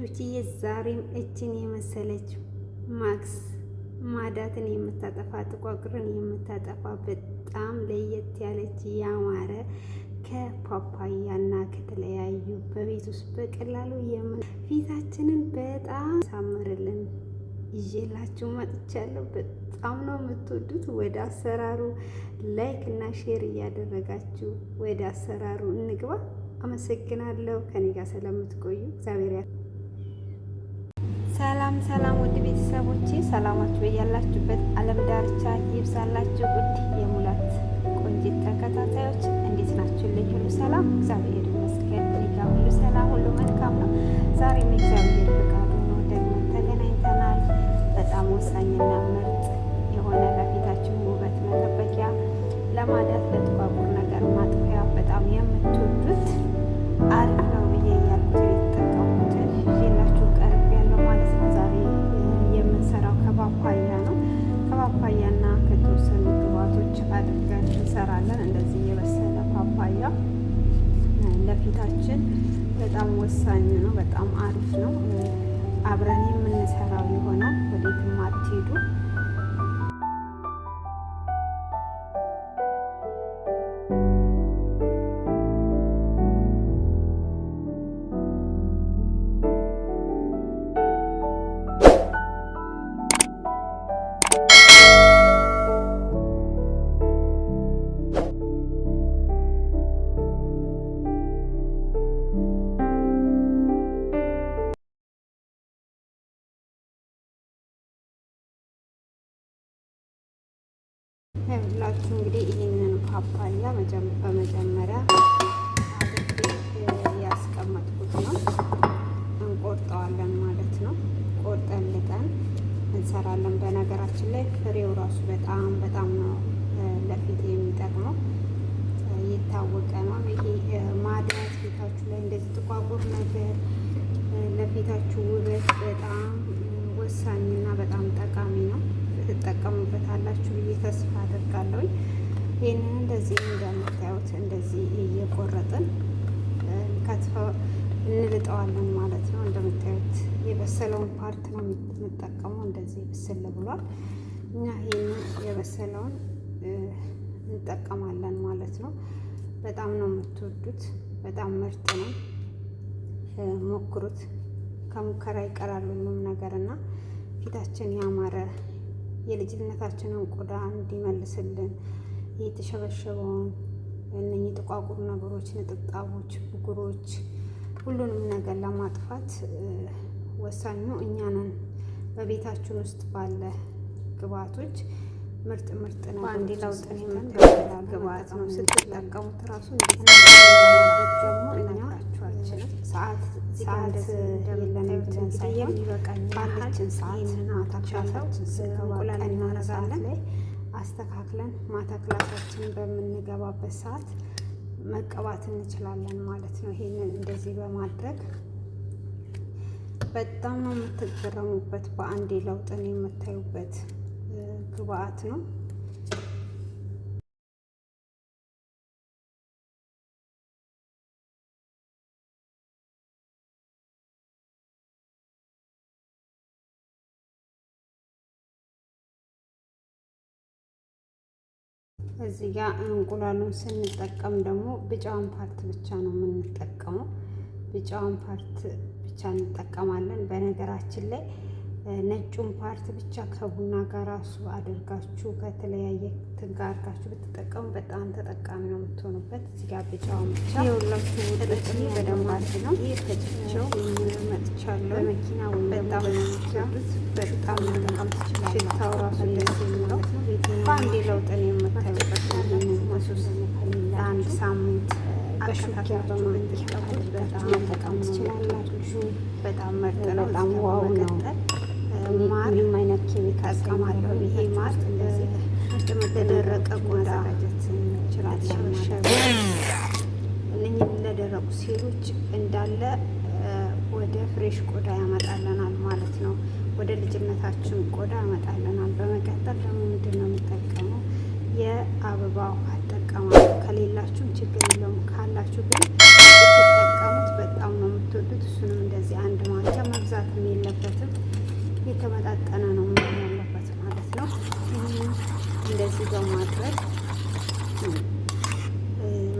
ውዶችዬ ዛሬም እችን የመሰለች ማክስ ማዳትን የምታጠፋ ጥቋቁርን የምታጠፋ በጣም ለየት ያለች ያማረ ከፓፓያ እና ከተለያዩ በቤት ውስጥ በቀላሉ ፊታችንን በጣም ሳምርልን ይዤላችሁ መጥቻለሁ። በጣም ነው የምትወዱት። ወደ አሰራሩ ላይክ እና ሼር እያደረጋችሁ ወደ አሰራሩ እንግባ። አመሰግናለሁ ከኔ ጋር ስለምትቆዩ እግዚአብሔር ሰላም ሰላም ውድ ቤተሰቦቼ ሰላማችሁ በያላችሁበት ዓለም ዳርቻ ይብዛላችሁ። ውድ የሙላት ቆንጂት ተከታታዮች እንዴት ናችሁ ሁሉ ሰላም እግዚአብሔር ይመስገን። እኔጋ ሁሉ ሰላም፣ ሁሉ መልካም ነው። ዛሬም እግዚአብሔር ፈቃዱ ነው ደግሞ ተገናኝተናል። በጣም ወሳኝና ምርጥ የሆነ ለፊታችን ውበት መጠበቂያ ለማደ በጣም ወሳኝ ነው። በጣም አሪፍ ነው። አብረን የምንሰራው የሆነው ወዴትም አትሄዱ። ብላችሁ እንግዲህ ይህንን ፓፓያ በመጀመሪያ ያስቀመጥኩት ነው። እንቆርጠዋለን ማለት ነው። ቆርጠን ልጠን እንሰራለን። በነገራችን ላይ ፍሬው ራሱ በጣም በጣም ነው በመክተፍ እንልጠዋለን ማለት ነው። እንደምታዩት የበሰለውን ፓርት ነው የምንጠቀመው። እንደዚህ ብስል ብሏል። እኛ ይህን የበሰለውን እንጠቀማለን ማለት ነው። በጣም ነው የምትወዱት። በጣም ምርጥ ነው። ሞክሩት። ከሙከራ ይቀራል ሁሉም ነገር እና ፊታችን ያማረ የልጅነታችንን ቆዳ እንዲመልስልን የተሸበሸበውን እነኚህ ጥቋቁር ነገሮች፣ ነጠብጣቦች፣ ብጉሮች ሁሉንም ነገር ለማጥፋት ወሳኙ እኛ ነን። በቤታችን ውስጥ ባለ ግብአቶች ምርጥ ምርጥ ነው። አንዴ ለውጥን የምትላ ግብአት ነው ስትጠቀሙት ራሱ ደግሞ እኛ ሰዓት ሰዓት የለንም ብለን ሳይሆን ባለችን ሰዓት ማታ ሰው እንቁላል እናረጋለን። አስተካክለን ማታ ክላሳችንን በምንገባበት ሰዓት መቀባት እንችላለን ማለት ነው። ይሄንን እንደዚህ በማድረግ በጣም ነው የምትገረሙበት። በአንዴ ለውጥን የምታዩበት ግብአት ነው። እዚህ ጋር እንቁላሉን ስንጠቀም ደግሞ ቢጫውን ፓርት ብቻ ነው የምንጠቀመው። ቢጫውን ፓርት ብቻ እንጠቀማለን። በነገራችን ላይ ነጩን ፓርት ብቻ ከቡና ጋር ራሱ አድርጋችሁ ከተለያየ ትጋርጋችሁ ብትጠቀሙ በጣም ተጠቃሚ ነው የምትሆኑበት። እዚህ ጋር ቢጫውን ብቻ የሁላችሁ ተጠቅሚ በደንብ ነው ከጭቸው መጥቻለሁ በመኪና ወይ በጣም በጣም መጠቀም ትችላል። ሽታው ራሱ ደስ የሚለው በአንዴ ለውጥን ለአንድ ሳምንት በጣም ትችላላችሁ። በጣም ምርጥ ነው። በጣም ዋው ነው። ማር ምንም አይነት ኬሚካል ይሄ ማር ለደረቀ ቆዳ እነኝህ ለደረቁ ሴሎች እንዳለ ወደ ፍሬሽ ቆዳ ያመጣለናል ማለት ነው። ወደ ልጅነታችን ቆዳ ያመጣለናል። በመቀጠል ደግሞ ምንድን ነው ችግር የለውም። ካላችሁ ግን ተጠቀሙት። በጣም ነው የምትወዱት። እሱንም እንደዚህ አንድ ማንኪያ መብዛትም የለበትም የተመጣጠነ ነው መሆን ያለበት ማለት ነው። እንደዚህ በማድረግ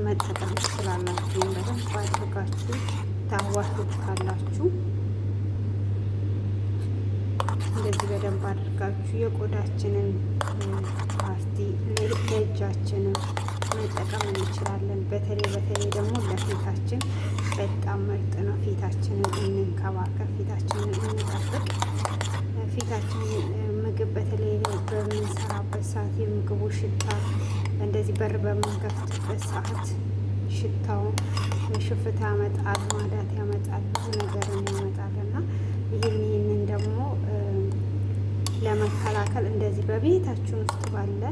መጠቀም ትችላላችሁ። በደንብ ባድርጋችሁ ታዋህዱት ካላችሁ እንደዚህ በደንብ አድርጋችሁ የቆዳችንን በጣም ምርጥ ነው። ፊታችንን እንንከባከብ፣ ፊታችንን እንጠብቅ። ፊታችንን ምግብ በተለይ በምንሰራበት ሰዓት የምግቡ ሽታ እንደዚህ በር በምንከፍትበት ሰዓት ሽታው ሽፍታ ያመጣል፣ ማዳት ያመጣል፣ ብዙ ነገር ያመጣል እና ይህን ይህንን ደግሞ ለመከላከል እንደዚህ በቤታችን ውስጥ ባለ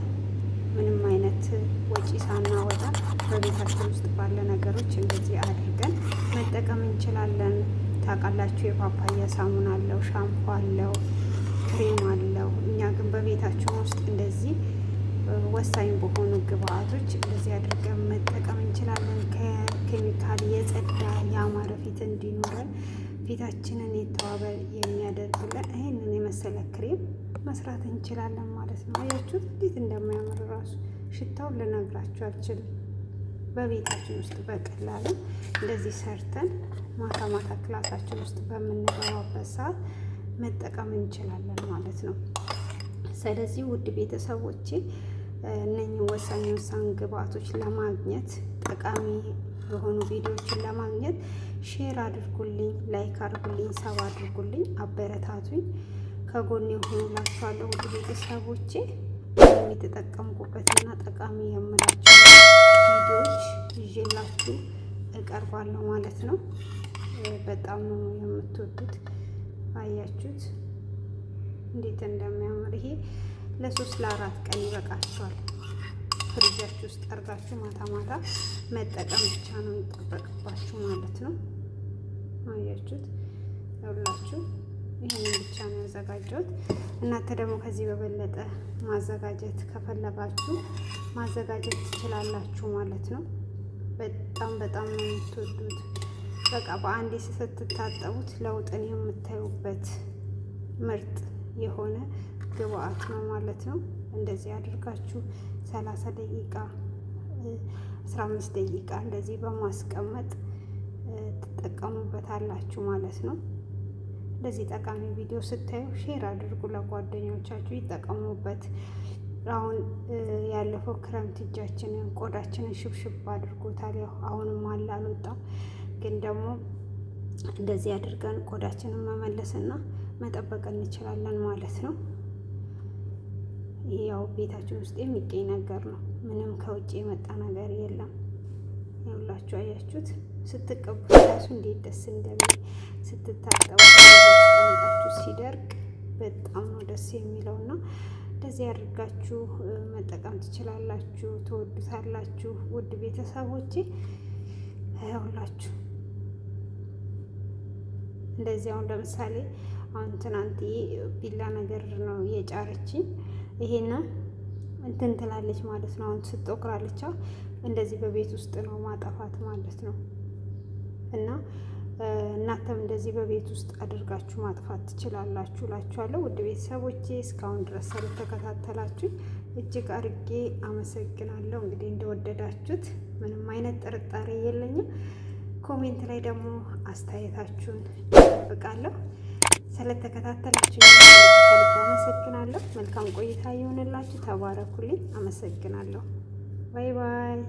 ምንም አይነት ወጪ ሳናወጣ በቤታችን ውስጥ ባለ ነገሮች እንደዚህ አድርገን መጠቀም እንችላለን። ታውቃላችሁ፣ የፓፓያ ሳሙና አለው፣ ሻምፖ አለው፣ ክሬም አለው። እኛ ግን በቤታችን ውስጥ እንደዚህ ወሳኝ በሆኑ ግብአቶች እንደዚህ አድርገን መጠቀም እንችላለን። ከኬሚካል የጸዳ ያማረ ፊት እንዲኖረን ፊታችንን የተዋበ የሚያደርግልን ይህንን የመሰለ ክሬም መስራት እንችላለን ማለት ነው። አያችሁት እንዴት እንደሚያምር ራሱ ሽታውን ልነግራችሁ አልችልም። በቤታችን ውስጥ በቀላሉ እንደዚህ ሰርተን ማታ ማታ ክላሳችን ውስጥ በምንገባበት ሰዓት መጠቀም እንችላለን ማለት ነው። ስለዚህ ውድ ቤተሰቦቼ እነኚህ ወሳኝ ወሳኝ ግብአቶች ለማግኘት ጠቃሚ የሆኑ ቪዲዮዎችን ለማግኘት ሼር አድርጉልኝ፣ ላይክ አድርጉልኝ፣ ሰብ አድርጉልኝ፣ አበረታቱኝ። ከጎን የሆኑ ላችኋለሁ ውድ ቤተሰቦቼ የተጠቀምኩበትና ጠቃሚ የምላቸው ቪዲዮዎች ይዤላችሁ እቀርባለሁ ማለት ነው። በጣም ነው የምትወዱት። አያችሁት እንዴት እንደሚያምር ይሄ ለሶስት ለአራት ቀን ይበቃችኋል። ፍሪጃችሁ ውስጥ ጠርጋችሁ ማታ ማታ መጠቀም ብቻ ነው የሚጠበቅባችሁ ማለት ነው። አያችሁት ሁላችሁ ይህንን ብቻ ነው ያዘጋጀሁት። እናንተ ደግሞ ከዚህ በበለጠ ማዘጋጀት ከፈለጋችሁ ማዘጋጀት ትችላላችሁ ማለት ነው። በጣም በጣም ነው የምትወዱት። በቃ በአንዴ ስትታጠቡት ለውጥን የምታዩበት ምርጥ የሆነ ግብአት ነው ማለት ነው። እንደዚህ አድርጋችሁ ሰላሳ ደቂቃ አስራ አምስት ደቂቃ እንደዚህ በማስቀመጥ ትጠቀሙበታላችሁ ማለት ነው። እንደዚህ ጠቃሚ ቪዲዮ ስታዩ ሼር አድርጉ ለጓደኞቻችሁ ይጠቀሙበት። አሁን ያለፈው ክረምት እጃችንን ቆዳችንን ሽብሽብ አድርጎታል። ያው አሁንም አለ አልወጣም፣ ግን ደግሞ እንደዚህ አድርገን ቆዳችንን መመለስና መጠበቅ እንችላለን ማለት ነው። ይህ ያው ቤታችን ውስጥ የሚገኝ ነገር ነው። ምንም ከውጭ የመጣ ነገር የለም። ያውላችሁ አያችሁት። ስትቀቡ ራሱ እንዴት ደስ እንደሚል ስትታጠቡ ቀምጣችሁ ሲደርቅ በጣም ነው ደስ የሚለው እና እንደዚህ ያድርጋችሁ መጠቀም ትችላላችሁ። ትወዱታላችሁ። ውድ ቤተሰቦቼ ሁላችሁ እንደዚህ አሁን ለምሳሌ አሁን ትናንት ቢላ ነገር ነው የጫረችኝ። ይሄን እንትን ትላለች ማለት ነው። አሁን ስትወቅራለች እንደዚህ በቤት ውስጥ ነው ማጠፋት ማለት ነው። እና እናንተም እንደዚህ በቤት ውስጥ አድርጋችሁ ማጥፋት ትችላላችሁ እላችኋለሁ። ውድ ቤተሰቦቼ እስካሁን ድረስ ስለተከታተላችሁኝ እጅግ አርጌ አመሰግናለሁ። እንግዲህ እንደወደዳችሁት ምንም አይነት ጥርጣሬ የለኝም። ኮሜንት ላይ ደግሞ አስተያየታችሁን እጠብቃለሁ። ስለተከታተላችሁ አመሰግናለሁ። መልካም ቆይታ ይሆንላችሁ። ተባረኩልኝ። አመሰግናለሁ። ባይ ባይ